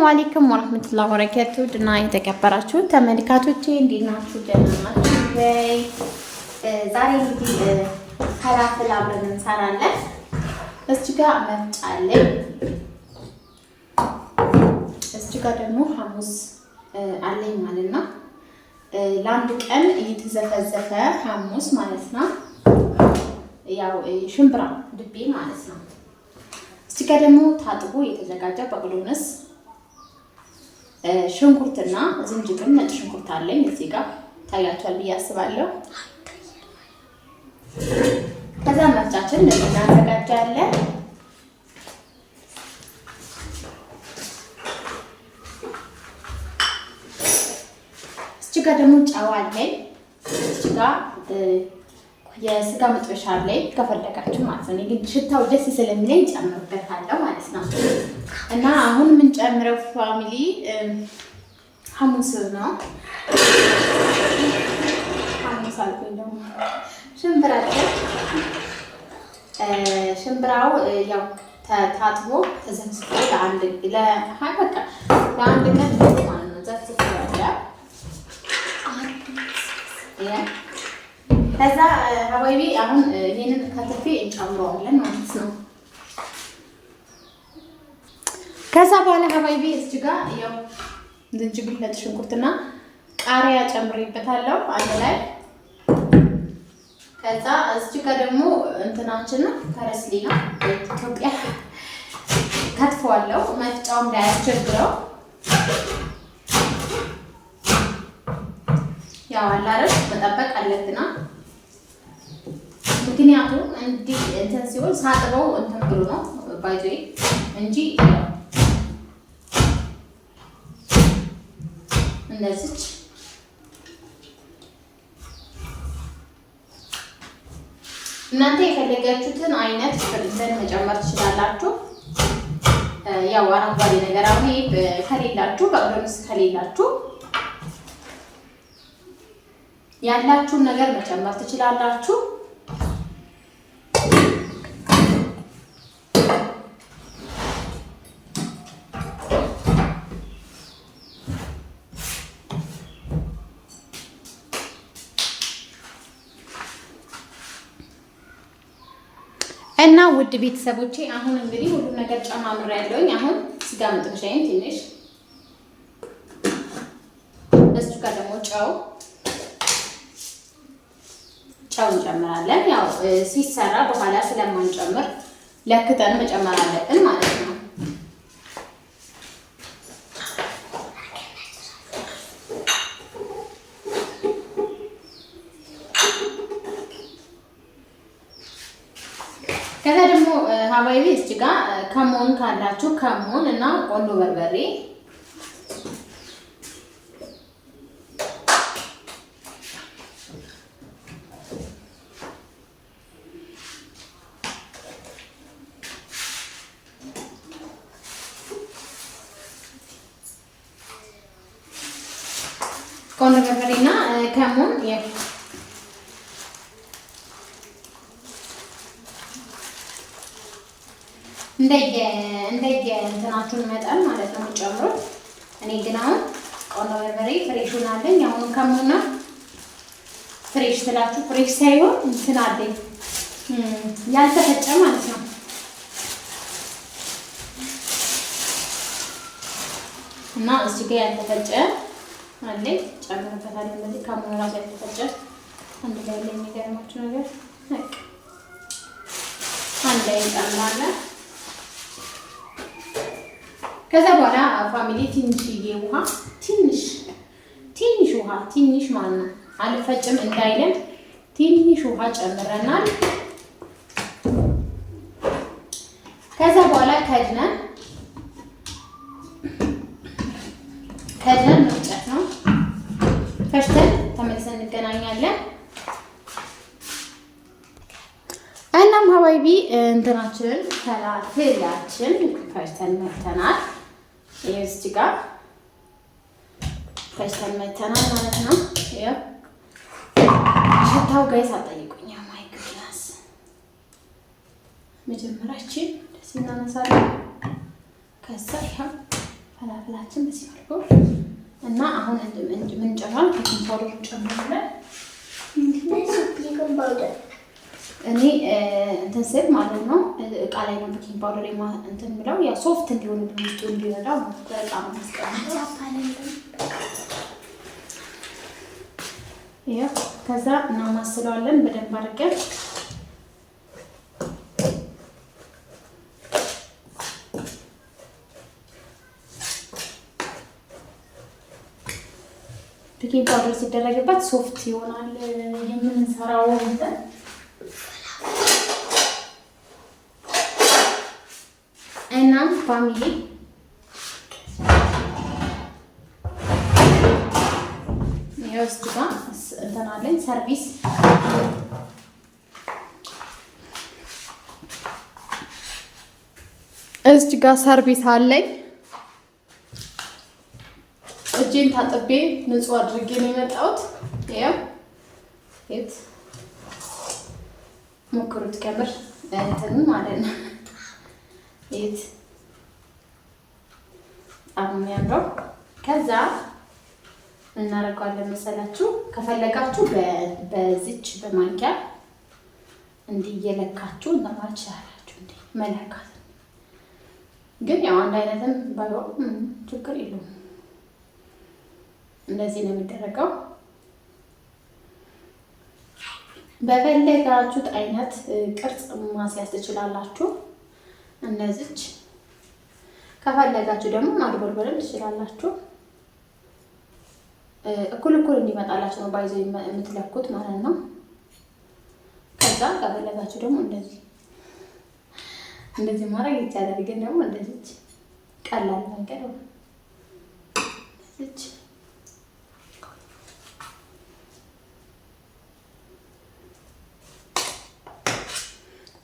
ሰላሙ አሌይኩም ወረህመቱላሂ ወበረካቱ ድና የተከበራችሁ ተመልካቾቼ እንዴት ናችሁ? ደህና ናችሁ ወይ? ዛሬ እንግዲህ ፈላፍል አብረን እንሰራለን። እዚህ ጋር መፍጫ አለኝ። እዚህ ጋር ደግሞ ሐሙስ አለኝ ማለት ነው። ለአንድ ቀን እየተዘፈዘፈ ሐሙስ ማለት ነው። ያው ሽምብራ ድቤ ማለት ነው። እዚህ ጋር ደግሞ ታጥቦ የተዘጋጀ በቅሎንስ ሽንኩርትና ዝንጅብል፣ ነጭ ሽንኩርት አለኝ እዚህ ጋር ታያቷል ብዬ አስባለሁ። ከዛ መፍጫችን እናዘጋጃለን። እዚህ ጋር ደግሞ ጨው አለኝ የስጋ መጥበሻ ላይ ከፈለጋችሁ ማለት ነው። ግን ሽታው ደስ ስለሚለኝ ጨምርበታለሁ ማለት ነው። እና አሁን የምንጨምረው ፋሚሊ ሐሙስ ነው። ሐሙስ አልኩኝ ደግሞ ሽምብራችን ሽምብራው ያው ታጥቦ ተዘፍዝፎ ለአንድ ለሀበቃ ለአንድ ቀን ማለት ነው። ዘፍዝፎ ያ ከዛ ሀባይቢ አሁን ይህንን ከትፌ እንጨምረዋለን ማለት ነው። ከዛ በኋላ ሀባይቢ እዚህ ጋር ያው ዝንጅብል፣ ነጭ ሽንኩርትና ቃሪያ ጨምሬበታለሁ አንድ ላይ። ከዛ እዚህ ጋር ደግሞ እንትናችን ነው ነው ኢትዮጵያ ከትፈዋለሁ። መፍጫው እንዳያስቸግረው ያው አላረስ መጠበቅ አለብና ምክንያቱም እንዲህ እንትን ሲሆን ሳጥበው እንትን ብሎ ነው ባይዞ እንጂ እንደዚች እናንተ የፈለጋችሁትን አይነት ፍርዝን መጨመር ትችላላችሁ። ያው አረንጓዴ ነገር አሁን ከሌላችሁ በቅደምስ ከሌላችሁ ያላችሁን ነገር መጨመር ትችላላችሁ። እና ውድ ቤተሰቦቼ አሁን እንግዲህ ሁሉ ነገር ጨማምር ያለውኝ አሁን ስጋ መጥበሻዬን ትንሽ እሱ ጋር ደግሞ ጨው ጨው እንጨምራለን። ያው ሲሰራ በኋላ ስለማንጨምር ለክተን መጨመር አለብን። አባይቤ እስቲ ጋር ከሞን ካላችሁ ከሞን እና ቆሎ በርበሬ ቆሎ በርበሬና እና ከሞን እንደየ እንደየ እንትናችሁን መጠን ማለት ነው የምትጨምሩት። እኔ ግን አሁን ቆንጆ በርበሬ ፍሬሹን አለኝ። አሁን ከሙና ፍሬሽ ስላችሁ ፍሬሽ ሳይሆን እንትን አለኝ ያልተፈጨ ማለት ነው። እና እዚህ ጋር ያልተፈጨ አለኝ ጨምርበታለሁ። እንደዚህ ከሙና ራሱ ያልተፈጨ አንድ ላይ የሚገርማችሁ ነገር አንድ ላይ እንጠማለን ከዛ በኋላ ፋሚሊ ትንሽዬ ውሃ ትንሽ ትንሽ ውሃ ትንሽ ማለት ነው አልፈጭም እንዳይለን ትንሽ ውሃ ጨምረናል። ከዛ በኋላ ከድነን ከድነን መፍጨት ነው። ፈሽተን ተመልሰን እንገናኛለን። እናም ሀባይቢ እንትናችንን ተላትላችን ፈሽተን መፍተናል። ይህ እዚህ ጋር ፈጭተን መተናል ማለት ነው። ሽታው ጋይስ አልጠይቁኝ። ማይ ግላስ መጀመሪያችን ደስ እናነሳለን። ከዛ ይኸው ፈላፍላችን በዚህ መልኩ እና አሁን ምን ጨምራል? ቤኪንግ ፓውደር ጨምራለን። ቤኪንግ ፓውደር እኔ እንትን ስል ማለት ነው እቃ ላይ ነው ቤኪንግ ፓውደር እንትን ብለው ያው ሶፍት እንዲሆን ውስጡ እንዲረዳ በጣም ማስቀ ከዛ እናማስለዋለን በደንብ አድርገን ቤኪንግ ፓውደር ሲደረግበት ሶፍት ይሆናል የምንሰራው እንትን እናንት ፋሚሊ የውስጥ ጋር እንትን አለኝ ሰርቪስ እዚህ ጋር ሰርቪስ አለኝ። እጄን ታጥቤ ንጹህ አድርጌ ነው የመጣሁት። ያው ሞክሩት ከምር እንትን ማለት ነው። ይት በጣም የሚያምረው ከዛ እናደርገዋለን መሰላችሁ። ከፈለጋችሁ በዚች በማንኪያ እንዲህ እየለካችሁ እንደማለት ትችላላችሁ። እንዲህ መለካት ግን ያው አንድ አይነትም ባይሆን ችግር የለውም። እንደዚህ ነው የሚደረገው። በፈለጋችሁት አይነት ቅርጽ ማስያዝ ትችላላችሁ። እነዚች ከፈለጋችሁ ደግሞ ማድበልበልም ትችላላችሁ። እኩል እኩል እንዲመጣላችሁ ነው ባይዞ የምትለኩት ማለት ነው። ከዛ ከፈለጋችሁ ደግሞ እንደዚህ እንደዚህ ማድረግ ይቻላል። ግን ደግሞ እንደዚች ቀላል መንገድ ነው።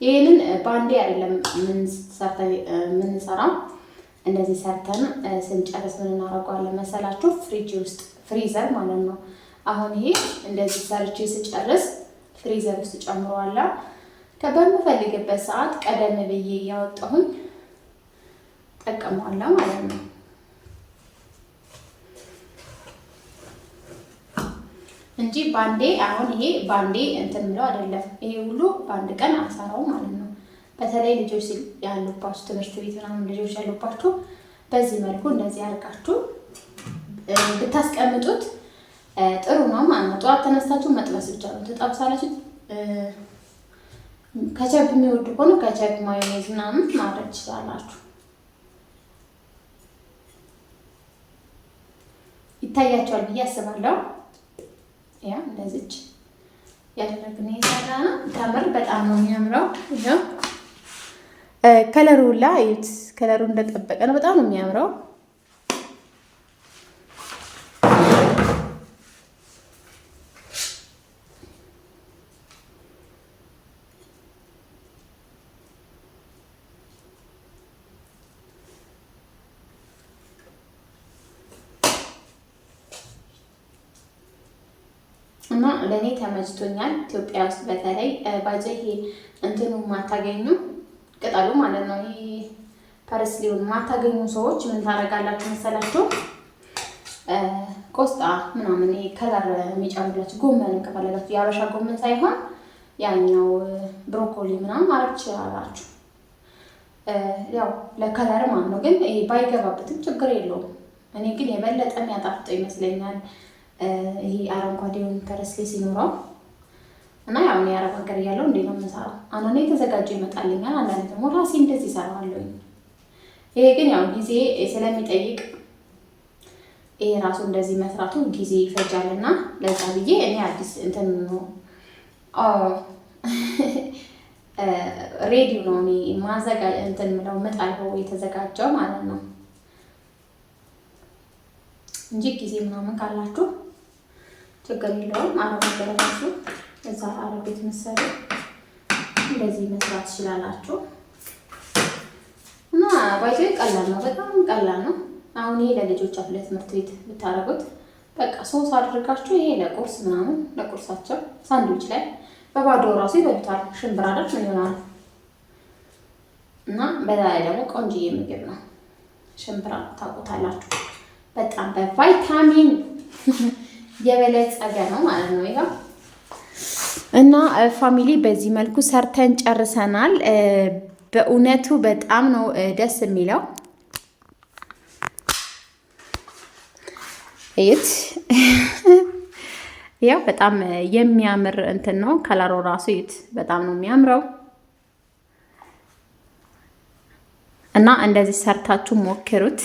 ይህንን በአንዴ አይደለም የምንሰራው። እንደዚህ ሰርተን ስንጨርስ ምን እናደርገዋለን መሰላችሁ? ፍሪጅ ውስጥ ፍሪዘር ማለት ነው። አሁን ይሄ እንደዚህ ሰርቼ ስጨርስ ፍሪዘር ውስጥ ጨምረዋለሁ። በምፈልግበት ሰዓት ቀደም ብዬ እያወጣሁኝ ጠቀመዋለሁ ማለት ነው። እንጂ ባንዴ አሁን ይሄ ባንዴ እንትን ምለው አይደለም። ይሄ ሁሉ በአንድ ቀን አሰራው ማለት ነው። በተለይ ልጆች ያሉባችሁ ትምህርት ቤት ምናምን ልጆች ያሉባችሁ በዚህ መልኩ እንደዚህ አድርጋችሁ ብታስቀምጡት ጥሩ ነው ማለት ነው። ጠዋት ተነስታችሁ መጥበስ ብቻ ነው ትጠብሳላችሁ። ከቸብ የሚወዱ ከሆነ ከቸብ ማዮኔዝ ምናምን ማድረግ ትችላላችሁ። ይታያቸዋል ብዬ አስባለሁ። ያ እንደዚች ያደረግን የሰራ ነው። ተምር በጣም ነው የሚያምረው። ከለሩ ላ ከለሩ እንደጠበቀ ነው። በጣም ነው የሚያምረው። እና ለእኔ ተመችቶኛል። ኢትዮጵያ ውስጥ በተለይ ባጀ ይሄ እንትኑ ማታገኙ ቅጠሉ ማለት ነው ይሄ ፐርስሊውን ማታገኙ ሰዎች ምን ታደርጋላችሁ መሰላችሁ? ቆስጣ ምናምን ከለር የሚጨምርላችሁ ጎመን ከፈለጋችሁ የአበሻ ጎመን ሳይሆን ያኛው ብሮኮሊ ምናምን ማድረግ ትችላላችሁ። ያው ለከለር ማለት ነው። ግን ይሄ ባይገባበትም ችግር የለውም። እኔ ግን የበለጠ የሚያጣፍጠው ይመስለኛል። ይሄ አረንጓዴውን ተረስ ላይ ሲኖረው እና ያው እኔ አረብ ሀገር እያለሁ እንዴ ነው የምሰራው። አንዳንዴ የተዘጋጀ ይመጣልኛል፣ አንዳንዴ ደግሞ ራሴ እንደዚህ እሰራዋለሁ። ይሄ ግን ያው ጊዜ ስለሚጠይቅ ይሄ ራሱ እንደዚህ መስራቱ ጊዜ ይፈጃል እና ለዛ ብዬ እኔ አዲስ እንትን ነው ሬዲዮ ነው እኔ ማዘጋ እንትን ምለው ምጣለው የተዘጋጀው ማለት ነው እንጂ ጊዜ ምናምን ካላችሁ ችግር የለውም። አረብ ገረሱ እዛ አረብ ቤት መሰሪ እንደዚህ መስራት ትችላላችሁ። እና ባይቶ ቀላል ነው፣ በጣም ቀላል ነው። አሁን ይሄ ለልጆች አፍለ ትምህርት ቤት ብታረጉት በቃ ሶስ አድርጋችሁ ይሄ ለቁርስ ምናምን ለቁርሳቸው ሳንድዊች ላይ በባዶ ራሱ ይበሉታል። ሽንብራ ዳር ምን ይሆናል እና በዛ ላይ ደግሞ ቆንጆዬ የምግብ ነው። ሽንብራ ታውቁታላችሁ። በጣም በቫይታሚን የበለጸገ ነው ማለት ነው ይኸው እና ፋሚሊ በዚህ መልኩ ሰርተን ጨርሰናል። በእውነቱ በጣም ነው ደስ የሚለው። እዩት፣ ያው በጣም የሚያምር እንትን ነው። ከለሩ ራሱ እዩት፣ በጣም ነው የሚያምረው። እና እንደዚህ ሰርታችሁ ሞክሩት።